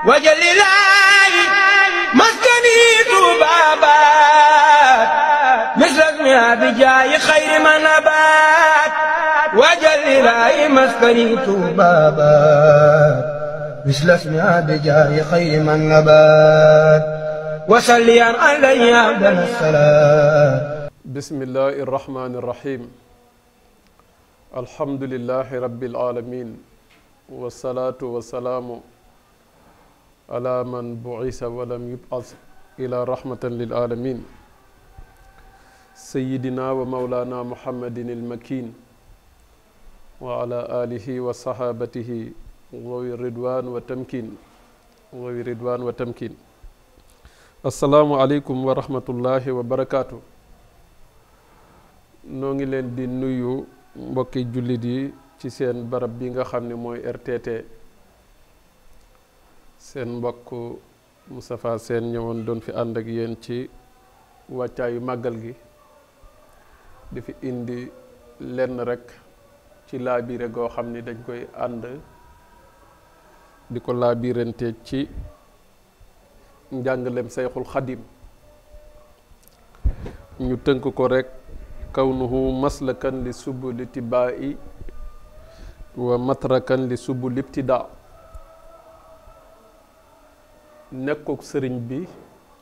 wajalilaayi maskani Tuubaa baat misrak mi abijaayi xayri man abaat wajalilaayi maskani Tuubaa baat misrak mi abijaayi xayri man abaat wasalli alayhi afdal salaam. bismillaahi rahmaani rahiim. alhamdulillaahi rabbil aalamiin. wasalaatu wasalaamu. ala man buisa walam yubas ila rahmatan lil alamin sayidina wa maulana muhammadin almakin wa ala alihi wa sahabatihi wawi ridwan wa tamkin wawi ridwan wa tamkin assalaamu aleykum wa rahmatullahi wa barakaatu noo ngi leen di nuyu mbokki jullit yi ci seen barab bi nga xam ni mooy RTT seen mbokk Moustapha seen ñëwoon doon fi ànd ak yéen ci wàccaayu màggal gi di fi indi lenn rekk ci laabire goo xam ni dañ koy ànd di ko laabirante ci njàngaleem Sayxul Xadim ñu tënk ko rek kawnuhu maslakan li subul itibaa'i wa matrakan li subul ibtidaa nekkuk sëriñ bi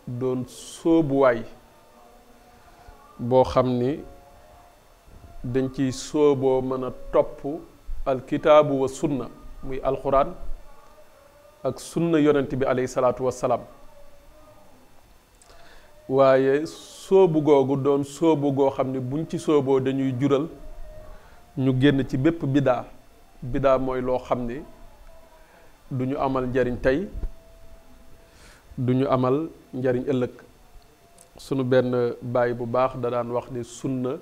doon sóobuwaay boo xam ni dañ ci sóoboo mën a topp alkitaabu wa sunna muy alxuraan ak sunna yonent bi aleyhi salaatu wassalaam waaye sóobu googu doon sóobu goo xam ne buñ ci sóoboo dañuy jural ñu génn ci bépp bidaa bidaa mooy loo xam ni duñu amal njariñ tey du ñu amal njariñ ëllëg sunu benn baay bu baax da daan wax ni sunna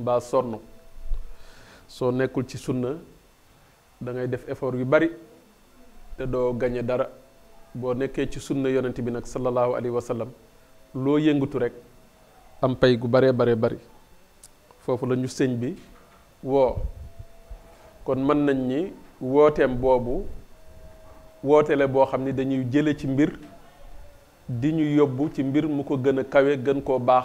mbaa sonn soo nekkul ci sunna dangay def effort yu bari te doo gañe dara boo nekkee ci sunna yonent bi nag sallallahu alayhi wa loo yëngatu rek am pay gu baree bare bari foofu lañu ñu sëñ bi woo kon mën nañ ni wooteem boobu woote boo xam ni dañuy jële ci mbir di ñu yóbbu ci mbir mu ko gën a kawe gën koo baax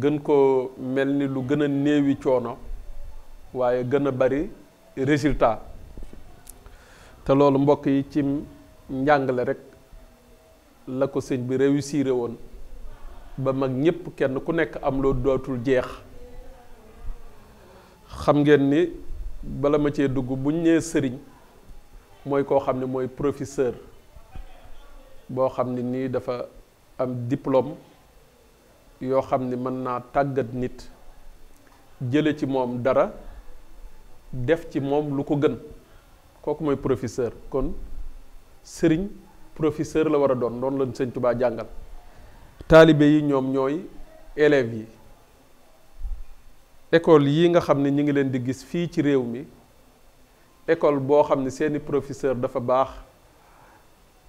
gën koo mel ni lu gën a néewi coono waaye gën a bari résultat te loolu mbokk yi ci njàngale rek la ko sëñ bi réussir woon ba mag ñépp kenn ku nekk am loo dootul jeex xam ngeen ni bala ma cee dugg buñ ñee sëriñ mooy koo xam ne mooy professeur boo xam ne nii dafa am diplôme yoo xam ne mën naa tàggat nit jële ci moom dara def ci moom lu ko gën kooku mooy professeur kon sëriñ professeur la war a doon doon la sëñ Tubaa jàngal taalibe yi ñoom ñooy élèves yi école yi nga xam ne ñu ngi leen di gis fii ci réew mi école boo xam ne seeni professeur dafa baax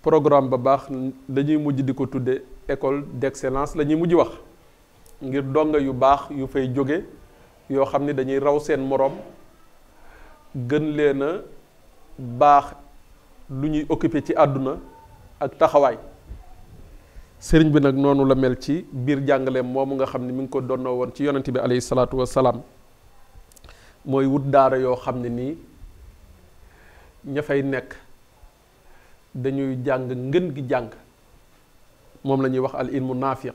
programme ba baax dañuy mujj di ko tuddee école d'excellence la ñuy mujj wax ngir donga yu baax yu fay jóge yoo xam ne dañuy raw seen moroom gën leen a baax lu ñuy occupé ci àdduna ak taxawaay sëriñ bi nag noonu la mel ci biir jàngaleem moomu nga xam ne mu ngi ko donnoo woon ci yonent bi aleyhi salaatu wassalaam mooy wut daara yoo xam ne nii ña fay nekk dañuy jàng ngën gi jàng moom la ñuy wax al ilmu naafiq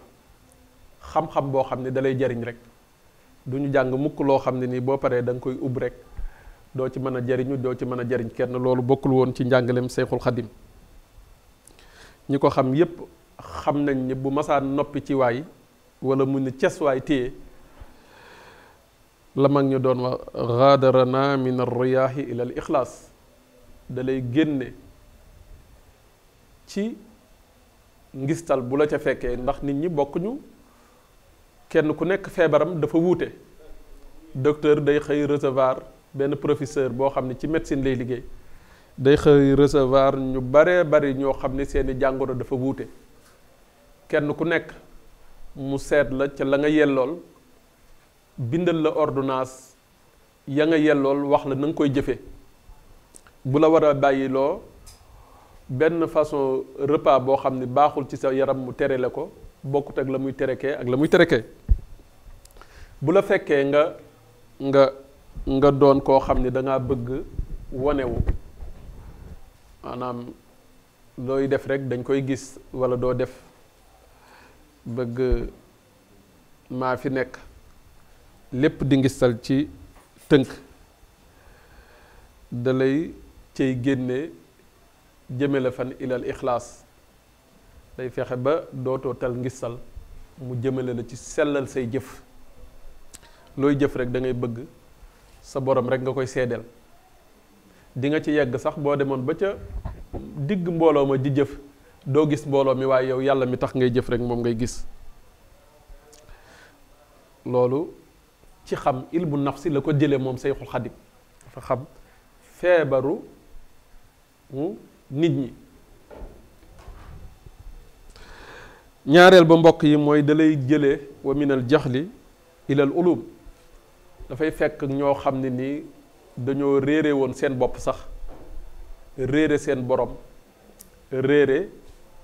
xam-xam boo xam ne dalay jariñ rek duñu jàng mukk loo xam ne nii boo paree danga koy ub rek doo ci mën a jariñu doo ci mën a jariñ kenn loolu bokkul woon ci njàngaleem Seyxul Xadim ñi ko xam yépp xam nañ ni bu masaan noppi ci waay wala mu ni ces waay téye la mag ñu doon wax gaadarana min arriyaahi ila al ixlaas dalay génne ci ngistal bu la ca fekkee ndax nit ñi bokkuñu kenn ku nekk feebaram dafa wuute docteur day xëy recevoir benn professeur boo xam ne ci médecine lay liggéey day xëy recevoir ñu baree bari ñoo xam ne seeni jàngoro dafa wuute kenn ku nekk mu seet la ca la nga yellool bindal la ordonnance ya nga yellool wax la na nga koy jëfee bu la war a loo benn façon repas boo xam ne baaxul ci sa yaram mu tere la ko bokkut ak la muy terekee ak la muy terekee bu la fekkee nga nga nga doon koo xam ne da ngaa bëgg wanewu maanaam dooy def rek dañ koy gis walla doo def bëgg maa fi nekk lépp di sal ci tënk da lay cay génne jëme la fan ilal ixlaas day fexe ba dootoo tal ngistal mu jëmale la ci sellal say jëf looy jëf rek dangay bëgg sa borom rek nga koy seedeel dinga ci yegg sax boo demoon ba ca digg mbooloo ma di jëf doo gis mbooloo mi waaye yow yàlla mi tax ngay jëf rek moom ngay gis loolu ci xam ilmu nafsi la ko jële moom Seyxul Xadim dafa xam feebaru nit ñi ñaareel ba mbokk yi mooy dalay jële wa minal jaxli ilal ulum dafay fekk ñoo xam ne nii dañoo réere woon seen bopp sax réere seen boroom réere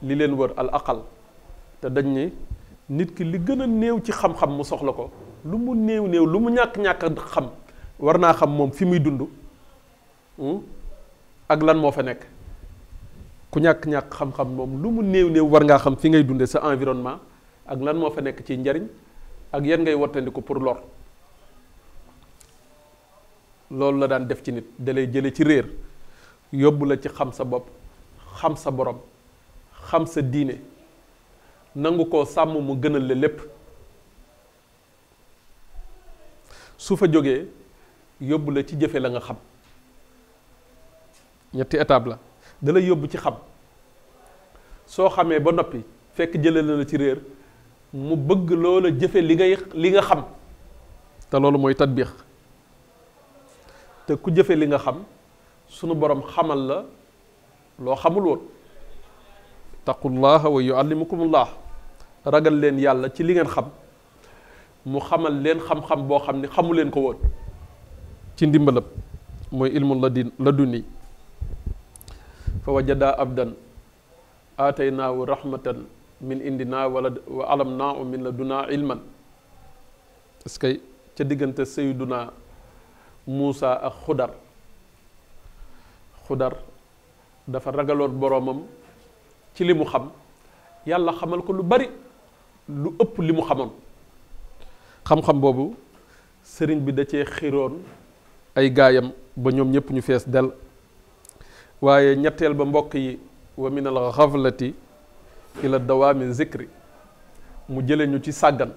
li leen wër al aqal te dañ ni nit ki li gën a néew ci xam-xam mu soxla ko lu mu néew néew lu mu ñàkk-ñàkk xam war naa xam moom fi muy dund hmm, ak lan moo fa nekk ku ñàkk-ñàkk xam-xam moom lu mu néew néew war ngaa xam fi ngay dunde sa environnement ak lan moo fa nekk ci njariñ ak yan ngay wattandiku pour lor loolu la daan def ci nit dalay jële ci réer yóbbu la ci xam sa bopp xam sa borom xam sa diine nangu ko sàmm mu gënal la lépp su fa jógee yóbbu la ci jëfe la nga xam ñetti étape la da yóbbu ci xam soo xamee ba noppi fekk jëlee na la ci réer mu bëgg loola jëfe li ngay li nga xam te loolu mooy tatbiix te ku jëfe li nga xam sunu borom xamal la loo xamul woon taqullaha wa yuallimukumullah ragal leen yàlla ci li ngeen xam mu xamal leen xam-xam boo xam ni xamu leen ko woon ci ndimbalam mooy ilmu ladin laduni fa wajada abdan aataynaahu rahmatan min indinaa wala wa alam naa min la dunaa ilman parce que ca diggante sayduna Muusa ak xudar xudar dafa ragaloon boroomam ci li xam yàlla xamal ko lu bari lu ëpp li mu xamoon xam-xam boobu sëriñ bi da cee xiroon ay gaayam ba ñoom ñëpp ñu fees del waaye ñetteel ba mbokk yi wa min al xaflati ila dawaami zikri mu jële ñu ci sàggan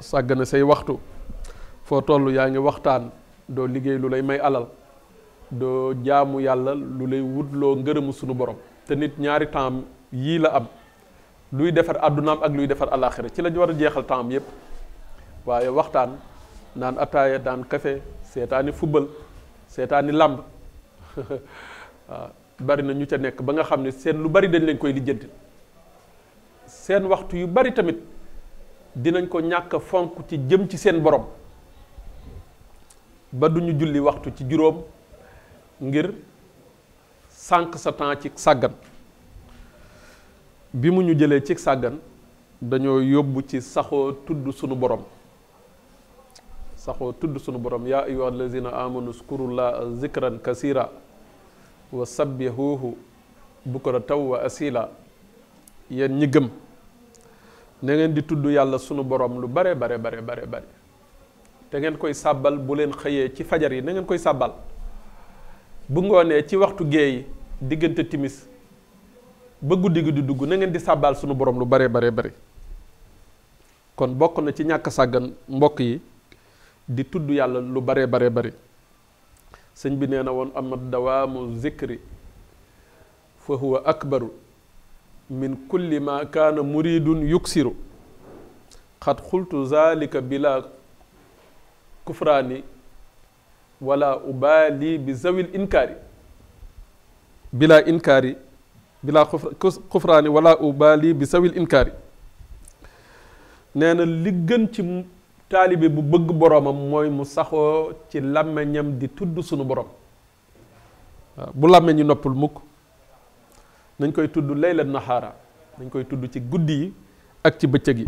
sàggane say waxtu foo toll yaa ngi waxtaan doo liggéey lu lay may alal doo jaamu yàlla lu lay wut loo ngërëmu sunu borom te nit ñaari temps yii la am luy defar àddunaam ak luy defar alaaxira ci lañu war a jeexal temps yépp waaye waxtaan naan ataaya daan kafe seetaani fubbal seetaani làmb Ah, bari na ñu ca nekk ba nga xam ne seen lu bari dañ leen koy lijjanti seen waxtu yu bari tamit dinañ ko ñàkk fonk ci jëm ci seen borom ba du ñu julli waxtu ci juróom ngir sànq sa temps ci sàggan bi mu ñu jëlee ci sàggan dañoo yóbbu ci saxoo tudd sunu borom saxoo tudd sunu borom yaa ayyuha allazina amanu zkurullaha zikran kasira wa sabbihuuhu bukratan wa asila yéen ñi gëm na ngeen di tudd yàlla sunu boroom lu bare bare bare bare bare te ngeen koy sàbbal bu leen xëyee ci fajar yi nangeen koy sàbbal bu ngoonee ci waxtu géey diggante timis ba guddi gi di dugg na ngeen di sàbbal sunu boroom lu bare bare bare kon bokk na ci ñàkk sàggan mbokk yi di tudd yàlla lu bare bare bare sëñ bi nee na woon ama dawaamu zikri fa huwa akbaru min kulli ma kaana muridun yuksiru xat xultu zalika bila kufraani wala ubaali bi zawil inkaari bila kufraani wala ubaali bi zawil inkaari nee na taalibe bu bëgg boroomam mooy mu saxoo ci làmmiñam di tudd sunu borom waaw bu làmmiñ ñu noppul mukk nañ koy tudd layla nahaara nañ koy tudd ci guddi yi ak ci bëccëg yi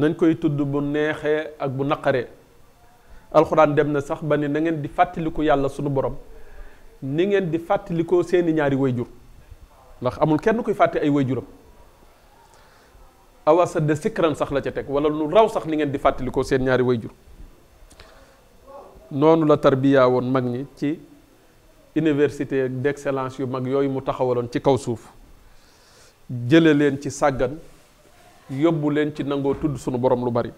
nañ koy tudd bu neexee ak bu naqaree alxuraan dem na sax ba ni na di fàttaliku yàlla sunu borom ni ngeen di fàttalikoo seeni ñaari wayjur ndax amul kenn kuy fàtte ay wayjuram awa sadda sikran sax la ca teg wala lu raw sax li ngeen di fàttalikoo seen ñaari way jur noonu la tarbiyaa woon mag ñi ci université d'excellence yu mag yooyu mu taxawaloon ci kaw suuf jële leen ci sàggan yóbbu leen ci nangoo tudd sunu borom lu bari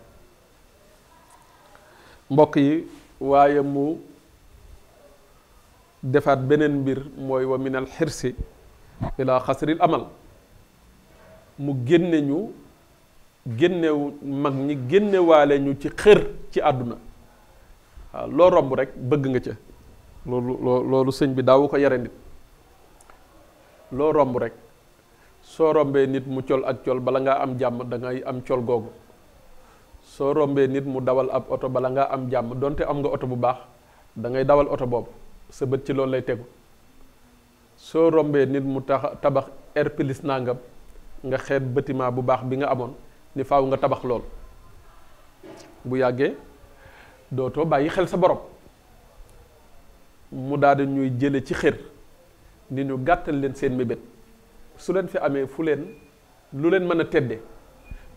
mbokk yi waaye mu defaat beneen mbir mooy wa min al xirsi ila xasril amal mu génne ñu génnewu mag ñi génnewaale ñu ci xër ci àdduna waaw loo romb rek bëgg nga ca loolu loolu sëñ bi daawu ko yare nit loo romb rek soo rombee nit mu col ak col bala ngaa am jàmm da am col googu soo rombee nit mu dawal ab oto bala ngaa am jàmm donte am nga oto bu baax da ngay dawal oto boobu sa bët ci loolu lay tegu soo rombee nit mu tax tabax air plus nangam nga xeet bâtiment bu baax bi nga amoon ni faw nga tabax lool bu yàggee dootoo bàyyi xel sa borom mu daal ñuy jële ci xër ni ñu gàttal leen seen mébét su leen fi amee fu leen lu leen mën a tedde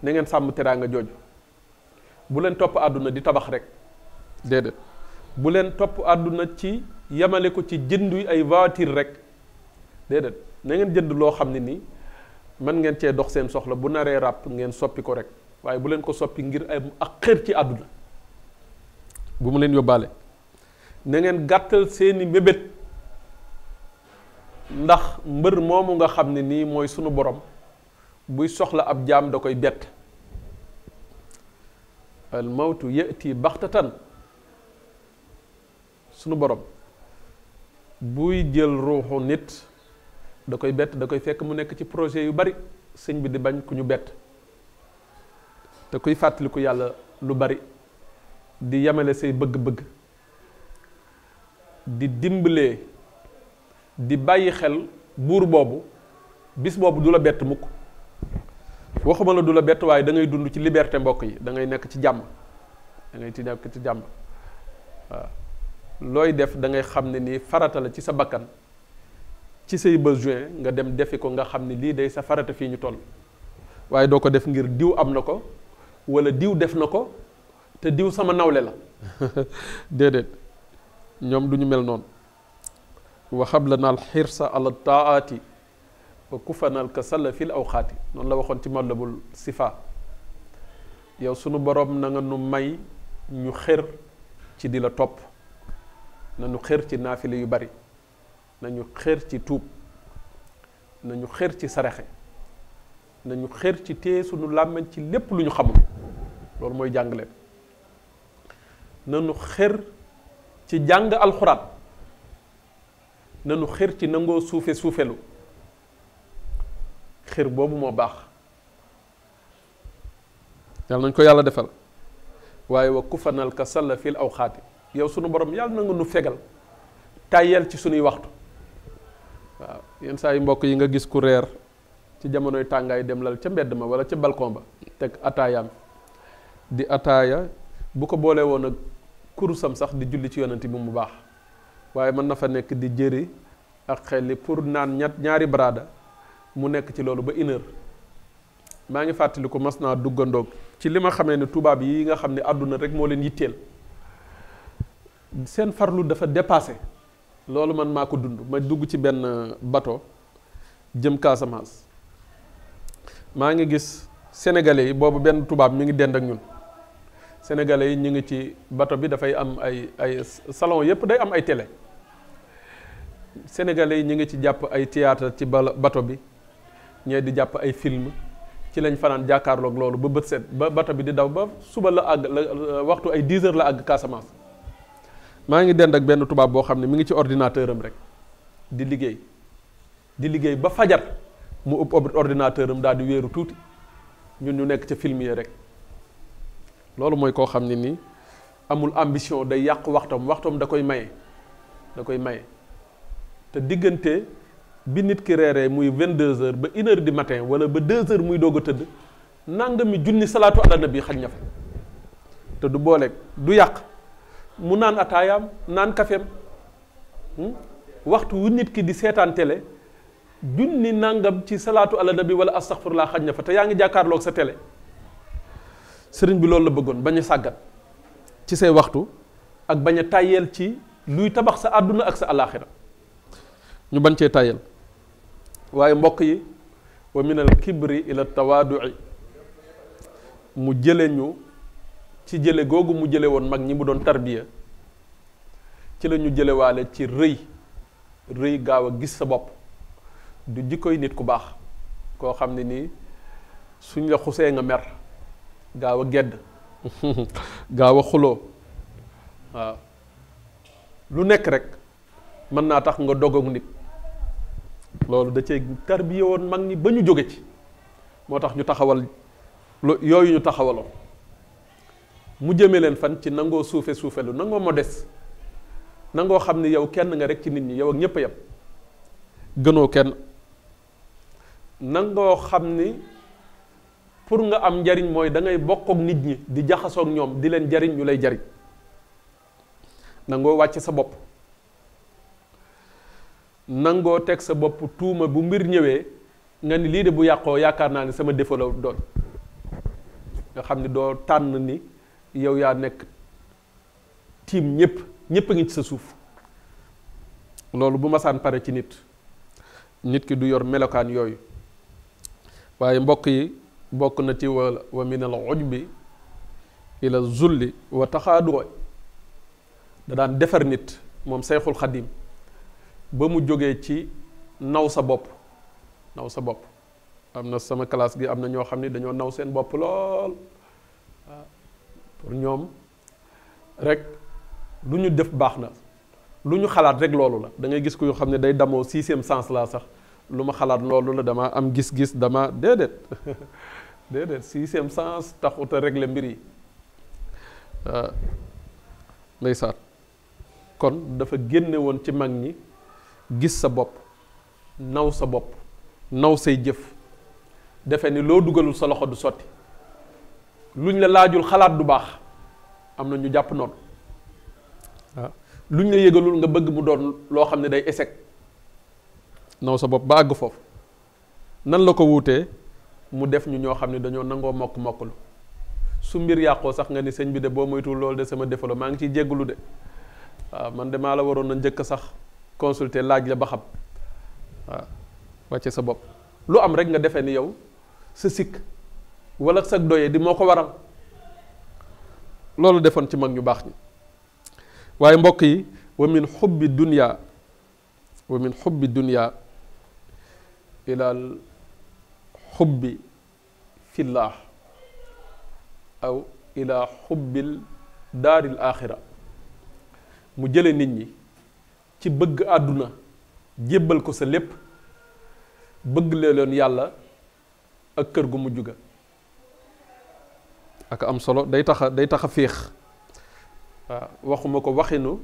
na ngeen sàmm teraanga jooju bu leen topp àdduna di tabax rek déedéet bu leen topp àdduna ci yemale ko ci jëndu ay voiture rek déedéet na ngeen jënd loo xam ne nii man ngeen cee dox seen soxla bu naree ràpp ngeen soppi ko rek waaye bu leen ko soppi ngir am ak xër ci àdduna bu mu leen yóbbaale na ngeen gàttal seeni mébét ndax mbër moomu nga xam ne nii mooy sunu borom buy soxla ab jaam da koy bett al mawtu yati baxtatan sunu borom buy jël ruuxu nit da koy bett da koy fekk mu nekk ci projet yu bari sëñ bi di bañ ku ñu bett te kuy fàttaliku yàlla lu bari di yemale say bëgg-bëgg di dimbalee di bàyyi xel buur boobu bis boobu du la bett mukk waxuma la du la bett waaye dangay dund ci liberté mbokk yi da ngay nekk ci jàmm da ti ci nekk ci jàmm waaw looy def dangay xam ne nii farata la ci sa bakkan ci say besoin nga dem defi ko nga xam ne lii day sa farata fii ñu toll waaye doo ko def ngir diw am na ko walla diw def na ko te diw sama nawle la déedéet ñoom duñu ñu mel noonu waxab la naal xirsa ala taati wa kufanal ka salla fil awxaati noonu la waxoon ci mallabul sifa yow sunu boroom na nga nu may ñu xër ci di la topp na nu xër ci naafile yu bari nañu xër ci tuub nañu xër ci saraxe nañu xër ci téye sunu làmmiñ ci lépp lu ñu xamul loolu mooy jàngale nañu xër ci jàng alxuraan nañu xër ci nangoo suufe suufeelu xër boobu moo baax yàlla nañ ko yàlla defal waaye wa kufanal ka salla aw awxaati yow sunu borom yàlla na nu fegal tàyyeel ci sunuy waxtu waaw yenn saa yi mbokk yi nga gis ku reer ci jamonoy tàngaay dem lal ca mbedd ma wala ca balcon ba teg ataayaam di ataaya bu ko boolee woon ak kurusam sax di julli ci yonanti bi mu baax waaye mën na fa nekk di jëri ak xel pour naan ñett ñaari baraada mu nekk ci loolu ba une maa ngi fàttaliku mas naa duggandoog ci li ma xamee ne tubaab yi nga xam ne àdduna rek moo leen yitteel seen farlu dafa dépassé loolu man maa ko dund ma dugg ci benn euh, bato jëm Casamance maa ngi gis sénégalais yi boobu benn tubaab mi ngi dend ak ñun sénégalais yi ñu ngi ci bato bi dafay am ay ay salon yépp day am ay télé sénégalais yi ñu ngi ci jàpp ay théâtre ci bala bato bi ñee di jàpp ay film ci lañ fanaan jàkkaarloog loolu ba bët set ba bato bi di daw ba suba la àgg la waxtu ay 10 heures la àgg Casamance. maa ngi dend ak benn tubaab boo xam ne mu ngi ci ordinateur am rek di liggéey di liggéey ba fajar mu ëpp ordinateur am daal di wéeru tuuti ñun ñu nekk ci film yi rek loolu mooy koo xam ne nii amul ambition day yàq waxtoom waxtoom da koy maye da koy maye te diggante bi nit ki reeree muy 22 heures ba une heure matin wala ba deux heures muy doog a tëdd nangami junni salaatu ala nabi xaj na fa te du boole du yàq. mu naan ataayam naan kafeem hmm? waxtu wu nit ki di seetaan télé junni nàngam ci salaatu ala nabi wala astaghfirullah xaj na fa te yaa ngi jàkkaarloog sa télé sëriñ bi loolu la bëggoon bañ a sàggat ci say waxtu ak bañ a tàyyeel ci luy tabax sa àdduna ak sa alaaxira ñu bañ cee tàyyeel waaye mbokk yi wa min al kibri ila tawaadui mu jële ñu ci jële googu mu jële woon mag ñi mu doon tarbiya ci la ñu jëlewaale ci rëy rëy gaaw a gis sa bopp du jikkoy nit ku baax koo xam ne nii suñ la xusee nga mer gaaw a gedd gaaw a xuloo waaw lu nekk rek mën naa tax nga dogoog nit loolu da cee tarbiya woon mag ñi ba ñu jóge ci moo tax ñu taxawal lu yooyu ñu taxawaloon mu jëme leen fan ci nangoo suufe suufelu nangoo des nangoo xam ni yow kenn nga rek ci nit ñi yow ak ñëpp a yem gënoo kenn nangoo xam ni pour nga am njariñ mooy da ngay nit ñi di jaxasook ñoom di leen jariñ ñu lay jariñ nangoo wàcce sa bopp nangoo teg sa bopp tuuma bu mbir ñëwee nga ni lii de bu yàqoo yaakaar naa ni sama défaut doon nga xam ni doo tànn ni yow yaa nekk tiim ñépp ñépp a ngi ci sa suuf loolu bu masaan pare ci nit nit ki du yor melokaan yooyu waaye mbokk yi bokk na ci wa wa min al ujbi ila zulli wa taxaaduro da daan defar nit moom Seyxul Xadim ba mu jógee ci naw sa bopp naw sa bopp am na sama classe gi am na ñoo xam ne dañoo naw seen bopp lool pour ñoom rek lu ñu def baax na lu ñu xalaat rek loolu la da gis ko yoo xam ne day damoo sixième sens laa sax lu ma xalaat loolu la dama am gis-gis dama déedéet déedéet sixième sens taxut a régler mbir yi euh, ndeysaat kon dafa génne woon ci mag ñi gis sa bopp naw sa bopp naw say jëf defe ni loo dugalul sa loxo du sotti lu ñu la laajul xalaat du baax am na ñu jàpp noonu waaw ah. luñ la yégalul nga bëgg mu doon loo xam ne day échec naw sa bopp ba àgg foofu nan la ko wuutee mu def ñu ñoo xam ne dañoo nangoo mokk mokklu su mbir yàqoo sax nga ni sëñ bi de boo moytuwul loolu de sama defalo maa ngi ciy jéggalu de waaw ah, man de maa la waroon na njëkk sax consulter laaj la ba xam waaw ah, wàcce sa bopp lu am rek nga defee ni yow sa sikk wala sag doye di moo ko waral loolu defoon ci mag ñu baax ñi waaye mbokk yi wa min xubbi dunya wa min xubbi dunya ilaal xubbi fillah aw ila xubbil daaril aaxira mu jële nit ñi ci bëgg àdduna jébbal ko sa lépp bëgg leen yàlla ak kër gu mujj ga ak am solo day tax day tax a féex waaw waxuma ko waxinu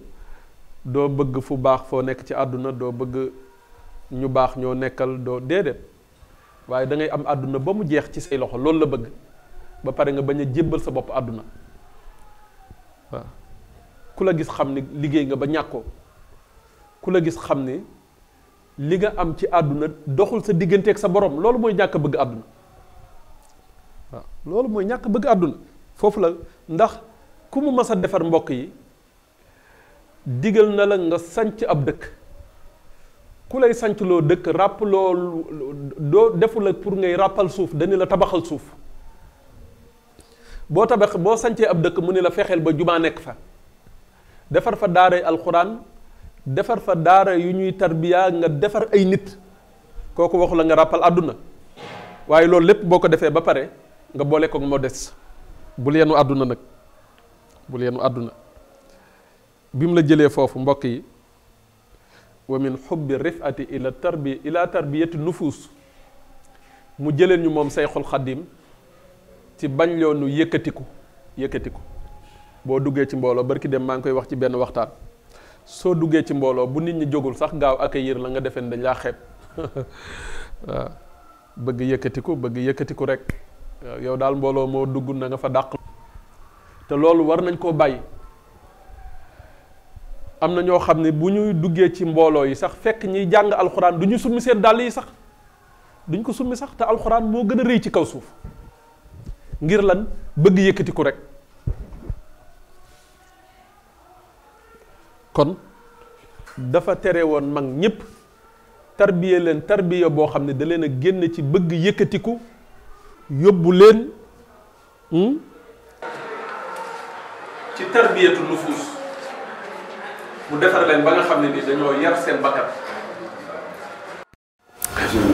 doo bëgg fu baax foo nekk ci àdduna doo bëgg ñu baax ñoo nekkal doo déedéet waaye dangay am àdduna ba mu jeex ci say loxo loolu la bëgg ba pare nga bañ a jébbal sa bopp àdduna waaw ku la gis xam ni liggéey nga ba ñàkkoo ku la gis xam ni li nga am ci àdduna doxul sa digganteeg sa borom loolu mooy ñàkk bëgg àdduna loolu mooy ñàkk bëgg àdduna foofu la ndax ku mu mas a defar mbokk yi digal na la nga sañc ab dëkk ku lay sanc loo dëkk ràpp loo doo defu la pour ngay ràppal suuf dañu la tabaxal suuf boo tabax boo sancee ab dëkk mu ni la fexeel ba jumaa nekk fa defar fa daaray alxuraan defar fa daara yu ñuy tarbiya nga defar ay nit kooku waxu la nga ràppal àdduna waaye loolu lépp boo ko defee ba pare nga boole ko moo des bul yenu àdduna nag bul yenu àdduna bi mu la jëlee foofu mbokk yi wa min xubbi rifati ila tarbi ila tarbiyati nufuus mu jëlee ñu moom sayxul xaddim ci bañ loo nu yëkkatiku yëkkatiku boo duggee ci mbooloo barki dem maa ngi koy wax ci benn waxtaan soo duggee ci mbooloo bu nit ñi jógul sax gaaw accueillir la nga defeen dañ laa xeeb waaw bëgg yëkkatiku bëgg yëkkatiku rek yow daal mbooloo moo dugg na nga fa dàq te loolu war nañ koo bàyyi am na ñoo xam ne bu ñuy duggee ci mbooloo yi sax fekk ñiy jàng alxuraan du ñu summi seen dàll yi sax duñ ko summi sax te alxuraan moo gën a rëy ci kaw suuf ngir lan bëgg yëkkati ko rek kon dafa tere woon mag ñépp tarbiya leen tarbiya boo xam ne da leen a génn ci bëgg yëkkatiku yóbbu leen hmm? ci tarbiyatu nufuus mu defar leen ba nga xam ne ni dañoo yar seen bakkat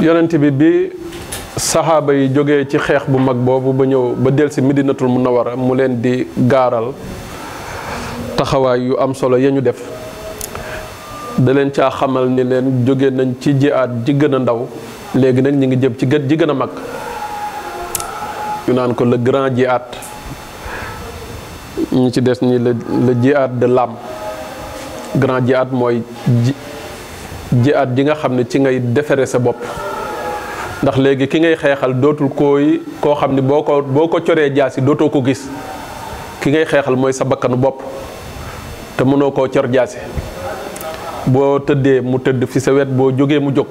yonent bi bi saxaaba yi jógee ci xeex bu mag boobu ba ñëw ba del si Medinatul Munawwara mu leen di gaaral taxawaay yu am solo ya ñu def da leen caa xamal ni leen jóge nañ ci ji jihaad ji gën a ndaw léegi nag ñu ngi jëm ci gët ji gën a mag ñu naan ko le grand at ñu ci des ni la le jihaad de l'âme grand jihaad mooy ji at ji nga xam ne ci ngay defaree sa bopp ndax léegi ki ngay xeexal dootul kooy koo xam ne boo ko boo ko coree jaasi dootoo ko gis ki ngay xeexal mooy sa bakkanu bopp te mënoo koo cor jaasi boo tëddee mu tëdd fi sa wet boo jógee mu jóg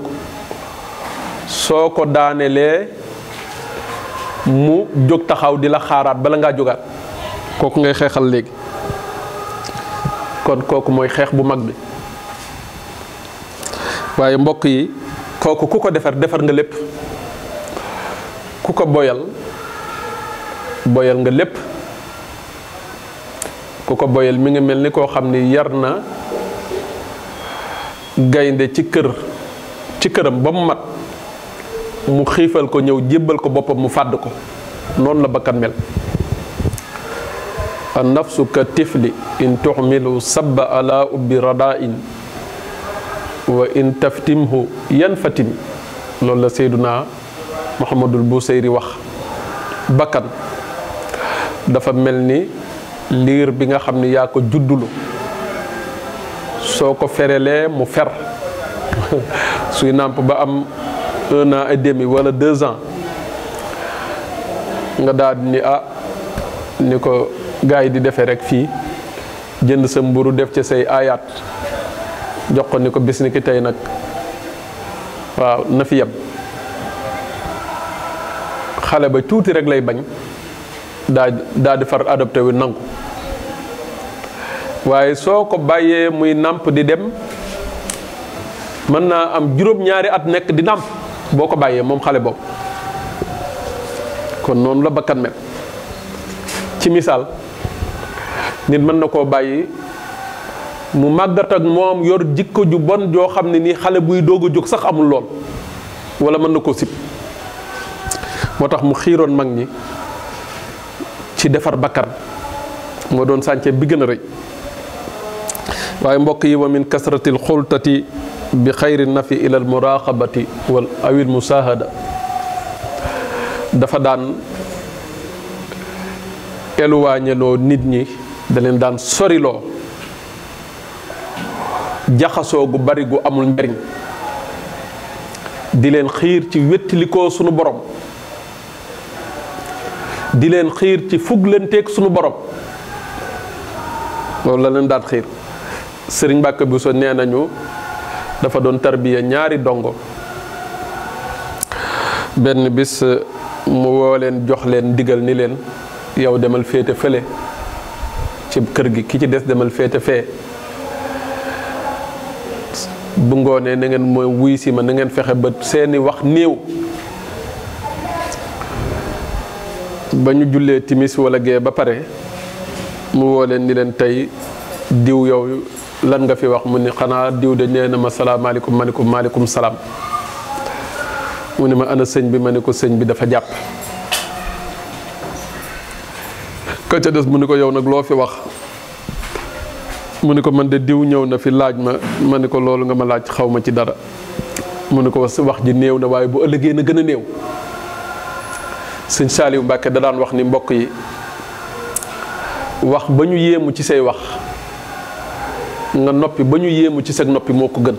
soo ko daanelee mu jóg taxaw di la xaaraat bala ngaa jógaat kooku ngay xeexal léegi kon kooku mooy xeex bu mag bi waaye mbokk yi kooku ku ko defar defar nga lépp ku ko boyal boyal nga lépp ku ko boyal mi ngi mel ni koo xam ni yar na gaynde ci kër ci këram ba mu mat mu xiifal ko ñëw jébbal ko boppam mu fàdd ko noonu la bakkan mel a nafsu ka tifli in tuxmilu saba ubbi radain wa in taftimhu yan fatim loolu la seyduna muhammadul busayri wax bakkan dafa mel ni liir bi nga xam ni yaa ko juddulu soo ko ferelee mu fer suy nàmp ba am un an et demi wala deux ans nga daal ni ah ni ko gars yi di defee rek fii jënd sa mburu def ca say aayaat jox ko ni ko bis tey nag waaw na fi yem xale ba tuuti rek lay bañ daa daal di far adopte wu nangu waaye soo ko bàyyee muy nàmp di dem mën naa am juróom-ñaari at nekk di nàmp boo ko bàyyee moom xale boobu kon noonu la bakkan mel ci misaal nit mën na koo bàyyi mu màggat ak moom yor jikko ju bon joo xam ne nii xale buy doog a jóg sax amul lool wala mën na koo sib moo tax mu xiiroon mag ñi ci defar bakkan moo doon sànce bi gën a rëy waaye mbokk yi wa min kasratil xultati bi xayri nafi ilal muraqabati wal awil musahada dafa daan éloigneloo nit ñi daleen daan soriloo jaxasoo gu bari gu amul njariñ di leen xiir ci wéttilikoo sunu borom di leen xiir ci fuglanteeg sunu borom loolu la leen daan xiir sëriñ bi Buso nee nañu dafa doon tarbiya ñaari dongo benn bis eh, mu woo leen jox leen digal ni leen yow demal féete fële ci kër gi ki ci des demal féete fee bu ngoonee na ngeen mooy wuy si ma na ngeen fexe ba seeni wax néew ba ñu jullee timis wala gee ba pare mu woo leen ni leen tey diw yow lan nga fi wax mu ni xanaa diw de nee na ma salaamaaleykum ma ne maaleykum salaam mu ne ma ana sëñ bi ma ne ko sëñ bi dafa jàpp ka ca des mu ne ko yow nag loo fi wax mu ne ko man de diw ñëw na fi laaj ma ma ne ko loolu nga ma laaj xaw ma ci dara mu ne ko wax ji néew na waaye bu ëllëgee na gën a néew sëñ Saaliw Mbàkke da daan wax ni mbokk yi wax ba ñu yéemu ci say wax nga noppi ba ñu yéemu ci sag noppi moo ko gën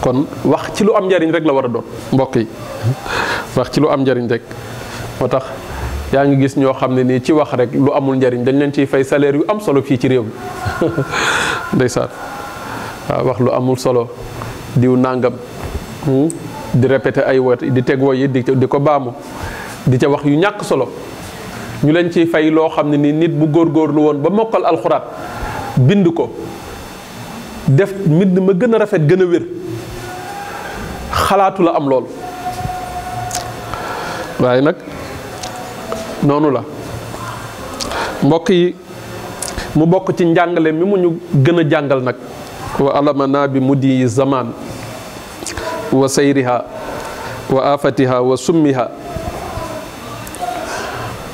kon wax ci lu am njariñ rek la war a doon mbokk yi wax ci lu am njariñ rek moo tax yaa ngi gis ñoo xam ne nii ci wax rek lu amul njariñ dañ leen ciy fay salaire yu am solo fii ci réew day ndeysaan waaw wax lu amul solo diw nàngam hmm? di répéter ay woot di teg yi di di ko baamu di ca wax yu ñàkk solo ñu leen ciy fay loo xam ne nii nit bu góor góorlu woon ba mokkal alxuraan bind ko def mbind ma gën a rafet gën a wér xalaatu am lool waaye nag noonu la mbokk yi mu bokk ci njàngale mi mu ñu gën a jàngal nag wa alamana bi mudi zaman wa sayriha wa afatiha wa summiha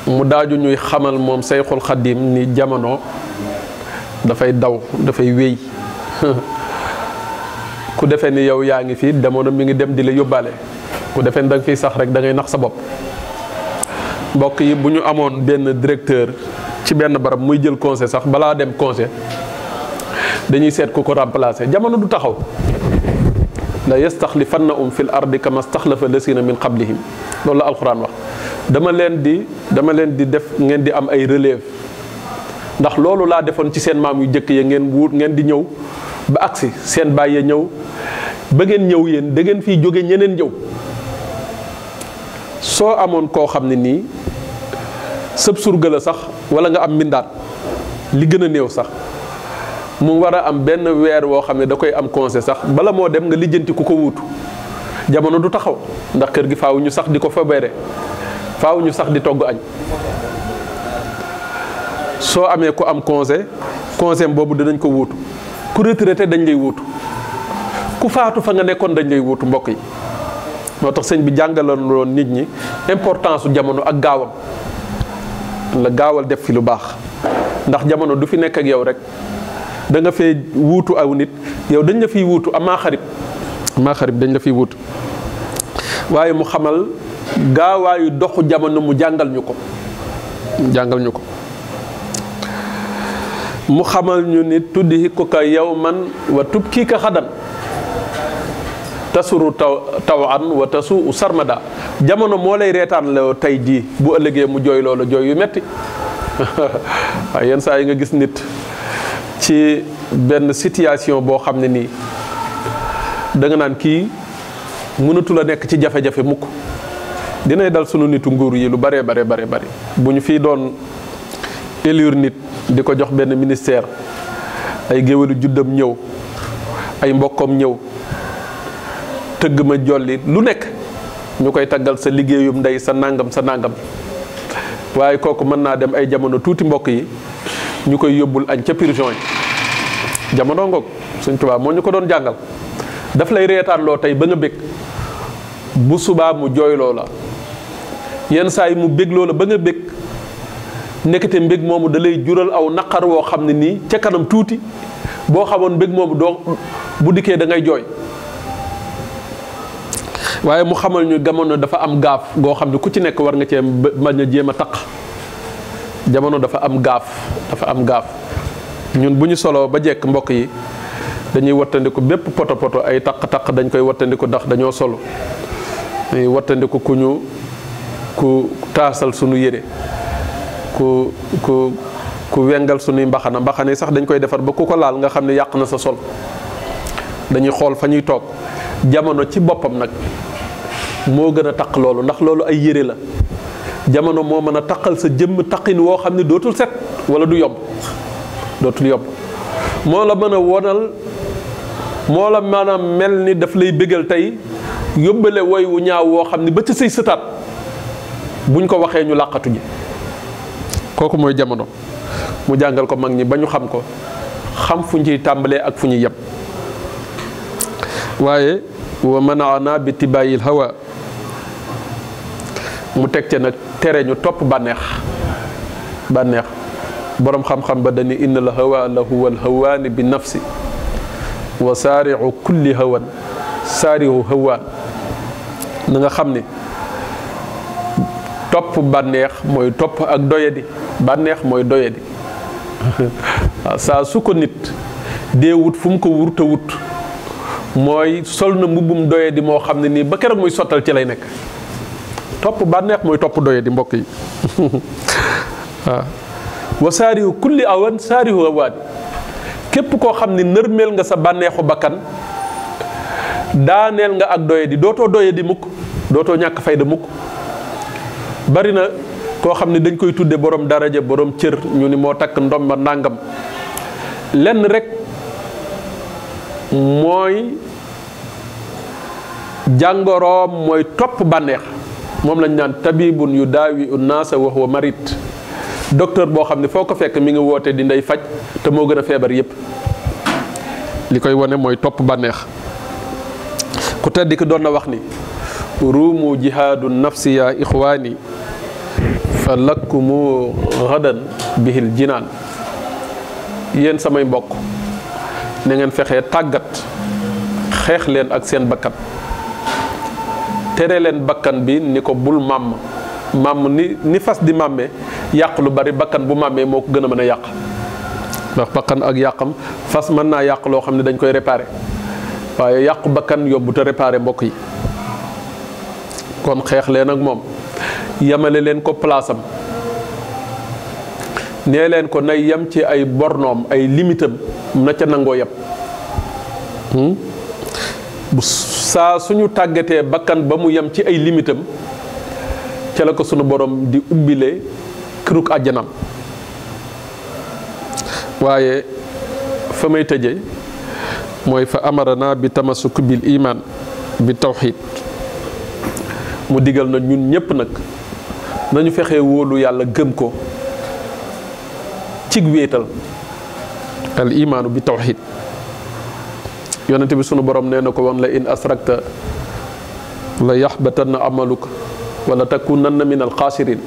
mu daaju ñuy xamal moom sayxul xadim ni jamono dafay daw dafay wéy ku defee ni yow yaa ngi fii demoon mi ngi dem di la yóbbaale ku defee ni da nga sax rek da ngay nax sa bopp mbokk yi bu ñu amoon benn directeur ci benn barab muy jël conseil sax balaa dem conseil dañuy seet ku ko remplacer jamono du taxaw fan la yastaxlifannahum fil ardi kama staxlafa lasina min qablihim loolu la alxuraan wax dama leen di dama leen di def ngeen di am ay relève ndax loolu laa defoon ci seen maam yu jëkk ya ngeen wut ngeen di ñëw ba agsi seen bàyyi ya ñëw ba ngeen ñëw yéen dangeen ngeen fiy jóge ñeneen ñëw soo amoon koo xam ne nii sëb surga la sax wala nga am mbindaat li gën a néew sax mu war a am benn weer woo xam ne da koy am conseil sax bala moo dem nga lijjanti ku ko wutu jamono du taxaw ndax kër gi faaw ñu sax di ko fa faw faaw ñu sax di togg añ soo amee ku am congé congé boobu dinañ ko wuutu ku retraité dañ lay wutu ku faatu fa nga nekkoon dañ lay wutu mbokk yi moo tax sëñ bi jàngaloon loon nit ñi importance su jamono ak gaawam la gaawal def fi lu baax ndax jamono du fi nekk ak yow rek danga nga fee wuutu aw nit yow dañ la fiy wuutu amaa xarit amaa xarit dañ la fiy wut waaye mu xamal gaawaayu doxu jamono mu jàngal ñu ko jàngal ñu ko mu xamal ñu ni tuddi ku ka yow man wa tub kii ka xadan tasuru taw taw wa tasu sarmada jamono moo lay reetaan la tey jii bu ëllëgee mu jooy loola jooy yu metti yenn saa yi nga gis nit ci benn situation boo xam ne nii danga naan kii mënatul a nekk ci jafe-jafe mukk dinay dal sunu nitu nguur yi lu bare bare bare bare bu ñu fii doon élire nit di ko jox benn ministère ay géwélu juddam ñëw ay mbokkam ñëw tëgg ma jolli lu nekk ñu koy taggal sa liggéeyum ndey sa nangam sa nangam waaye kooku mën naa dem ay jamono tuuti mbokk yi ñu koy yóbbul añ ca prison yi jamono ngoog Sëñ Tuubaa moo ñu ko doon jàngal daf lay reetaanloo tey ba nga bég bu subaa mu jooyloo la yenn saa yi mu bégloo la ba nga bég nekkate mbég moomu dalay jural aw naqar woo xam ne nii ca kanam tuuti boo xamoon mbég moomu doo bu dikkee da ngay jooy waaye mu xamal ñu jamono dafa am gaaf goo xam ne ku ci nekk war nga cee mbañ a jéem a taq jamono dafa am gaaf dafa am gaaf ñun bu ñu soloo ba jekk mbokk yi dañuy wattandiku bépp poto poto ay taq-taq dañ koy wattandiku ndax dañoo solo dañuy wattandiku ku ñu ku taasal sunu yére ku ku ku wengal suñuy mbaxana mbaxana yi sax dañ koy defar ba ku ko laal nga xam ne yàq na sa sol dañuy xool fa ñuy toog jamono ci boppam nag moo gën a taq loolu ndax loolu ay yére la jamono moo mën a taqal sa jëmm taqin woo xam ne dootul set wala du yomb dootul yomb moo la mën a wonal moo la maanaam mel ni daf lay bégal tey yóbbale woy wu ñaaw woo xam ne ba ci say sëtaat buñ ko waxee ñu làqatu ji kooku mooy jamono mu jàngal ko mag ñi ba ñu xam ko xam fu ñuy tàmbalee ak fu ñuy yem waaye wa manaana bi tibaayil hawa mu teg ca nag tere ñu topp bànneex bànneex boroom xam-xam ba dañu inna la hawa la huwa alhawaani bi nafsi wa saariu kulli hawan saarihu hawaan na nga xam ni topp bànneex mooy topp ak doyadi bànneex mooy doyadi waaw saa su ko nit dee wut fu mu ko wurta wut mooy sol na mbubbum doyadi moo xam ne nii ba keroog muy sottal ci lay nekk topp bànneex mooy topp doyadi mbokk yi waaw wa saarihu kulli awan saarihu awaani képp koo xam ne nërmeel nga sa bànneexu bakkan daaneel nga ak doyadi dootoo doyadi mukk dootoo ñàkk fayda mukk bari na koo xam ne dañ koy tudde borom daraja boroom cër ñu ni moo takk ndomba nàngam lenn rek mooy jàngoroom mooy topp bànneex moom lañ naan tabibun yu daawi u naasa wa marit docteur boo xam ne foo ko fekk mi ngi woote di ndey faj te moo gën a feebar yépp li koy wane mooy topp bànneex ku tedd ki doon na wax ni ruumu jihaadu nafsi ya ixwaani fa lakkumu xadan bihil jinaan yéen samay mbokk na ngeen fexe tàggat xeex leen ak seen bakkan tere leen bakkan bi ni ko bul màmm màmm ni ni fas di màmmee yàq lu bari bakkan bu màmmee moo ko gën a mën a yàq ndax bakkan ak yàqam fas mën naa yàq loo xam ne dañ koy réparer waaye yàqu bakkan yóbbu te réparer mbokk yi kon xeex leen ak moom yamale leen ko palaasam nee leen ko nay yem ci ay bornoom ay limitam na ca nangoo yem hmm? bu saa suñu tàggatee bakkan ba mu yem ci ay limitam ca la ko sunu borom di ubbile kiruk àjjanam waaye fa may tëje mooy fa amarana bi tamasuk bil iman bi tawxid mu digal na ñun ñépp nag nañu fexe wóolu yàlla gën ko cig wéetal al imaanu bi tawxid yonente bi sunu borom nee na ko woon la in asrakta la yaxbatanna amaluk wala takunanna min al xaasirin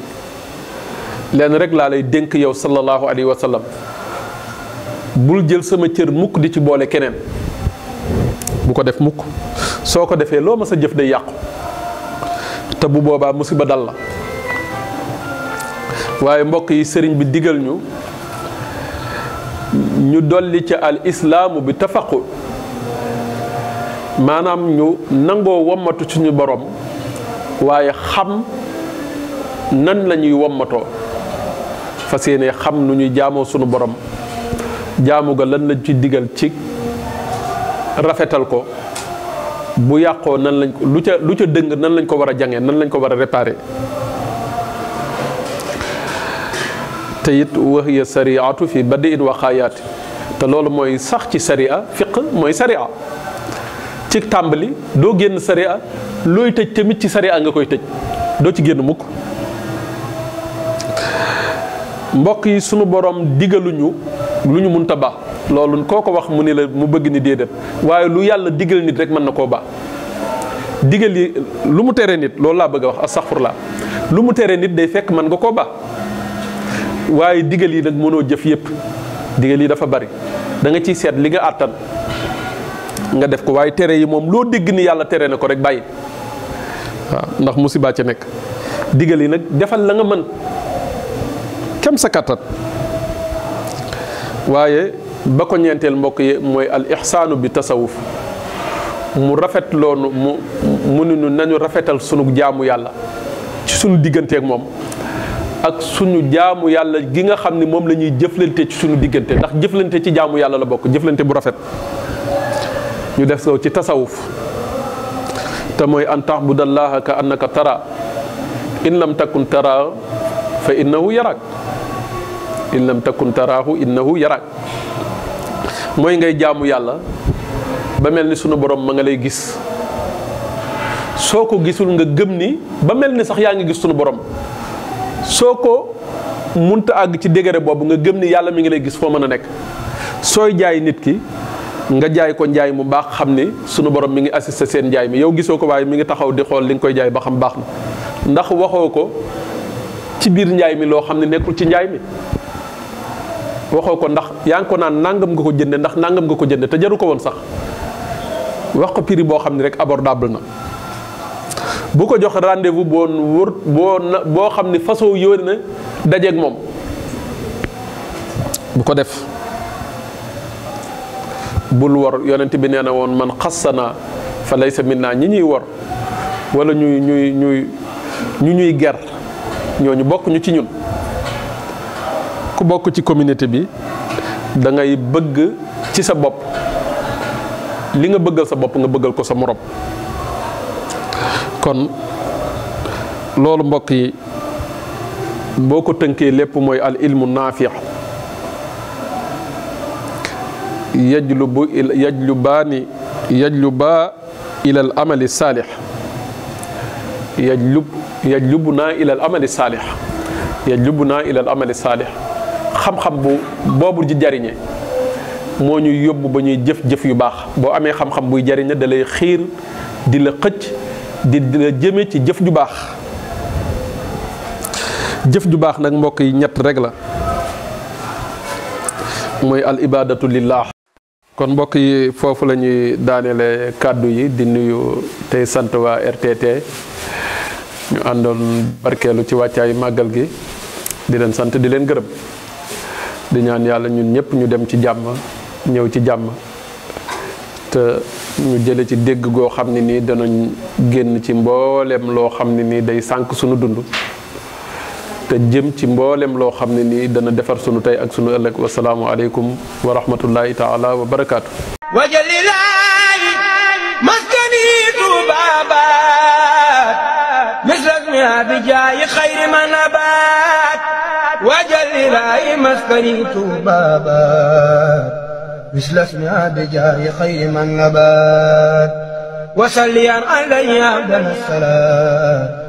leen rek laa lay dénk yow sallallahu alayhi wa bul jël sama cër mukk di ci boole keneen bu ko def mukk soo ko defee loo ma sa jëf day yàqu te bu boobaa musiba dal la waaye mbokk yi sëriñ bi digal ñu ñu dolli ca al islaamu bi tafaxu maanaam ñu nangoo wommatu suñu borom waaye xam nan lañuy womatoo fas yéene xam nu ñuy jaamoo suñu borom jaamu ga lan lañ ci digal ci rafetal ko bu yàqoo nan lañ ko lu ca lu ca dëng nan lañ ko war a jange nan lañ ko war a réparer te it wahiya sariatu ba badi it waxaayaati te loolu mooy sax ci saria fiq mooy saria ci tàmbali doo génn saria looy tëj tamit ci saria nga koy tëj doo ci génn mukk mbokk yi sunu borom digaluñu lu ñu a baax loolu koo ko wax mu ni la mu bëgg ni déedéet waaye lu yàlla digal nit rek mën na koo ba digal yi lu mu teree nit loolu laa bëgg a wax astaxfurlaa lu mu teree nit day fekk mën nga koo ba waaye digal yi nag mënoo jëf yépp digal yi dafa bari danga ciy seet li nga àttan nga def ko waaye tere yi moom loo dégg ni yàlla tere na ko rek bàyyi waaw ndax musiba ca nekk digal yi nag defal la nga mën kem sa kattan waaye ba ko ñeenteel mbokk yi mooy al ixsaanu bi tasawuf mu rafet loonu mu mu nu nañu rafetal sunu jaamu yàlla ci sunu digganteek moom ak suñu jaamu yàlla gi nga xam ne moom lañuy ñuy jëflante ci suñu diggante ndax jëflante ci jaamu yàlla la bokk jëflante bu rafet ñu def soo ci tasawuf te mooy an taxbudallaha ka annaka tara in lam takun tara fa innahu yarak in lam takun taraahu innahu yarak mooy ngay jaamu yàlla ba mel ni sunu borom ma nga lay gis soo ko gisul nga gëm ni ba mel ni sax yaa ngi gis suñu borom soo ko munta àgg ci degré boobu nga gëm ni yàlla mu ngi lay gis foo mën a nekk sooy jaay nit ki nga jaay ko njaay mu baax xam ni sunu borom mi ngi assisté seen njaay mi yow gisoo ko waaye mi ngi taxaw di xool li nga koy jaay ba xam baax na ndax waxoo ko ci biir njaay mi loo xam ne nekkul ci njaay mi waxoo ko ndax yaa ngi ko naan nangam nga ko jënde ndax nangam nga ko jënde te jaru ko woon sax wax ko prix boo xam ne rek abordable na bu ko jox rendez-vous boo wër boo na boo xam ni façon yóori na dajeeg moom bu ko def bul wor yonent bi nee na woon man xas sa naa fa laysa minna ñi ñuy wor wala ñuy ñuy ñuy ñu ñuy ger ñooñu bokk ñu ci ñun ku bokk ci communauté bi da ngay bëgg ci sa bopp li nga bëggal sa bopp nga bëggal ko sa morom kon loolu mbokk yi boo ko tënkee lépp mooy al ilmu naafiq yajlubu yajlubaani yajlubaa ila al amali saalix yajlub yajlubu naa ila al amali saalix yajlubu naa ila amali saalix xam-xam bu boobu ji jariñe moo ñuy yóbbu ba ñuy jëf-jëf yu baax boo amee xam-xam buy jariñe da lay xiir di la xëcc di la jëme ci jëf ju baax jëf ju baax nag mbokk yi ñett rek la mooy al ibadatu lillah kon mbokk yi foofu lañuy ñuy daaneele kàddu yi di nuyu tey sant waa RTT ñu àndoon barkeelu ci wàccaayu màggal gi di leen sant di leen gërëm di ñaan yàlla ñun ñëpp ñu dem ci jàmm ñëw ci jàmm ñu jële ci dégg goo xam ne nii danañ génn ci mbooleem loo xam ne nii day sànq sunu dund te jëm ci mboolem loo xam ne nii dana defar sunu tey ak sunu ëllëg wasalaamu aleykum wa rahmatullahi taala wa barakaatu wajalilaayi maskanitu baabaat mislak mi abijaayi xayri manabaat wajalilaayi maskanitu baabaat مثل اسمها بجاه خير من نبات وسليا عليها أبدل الصلاة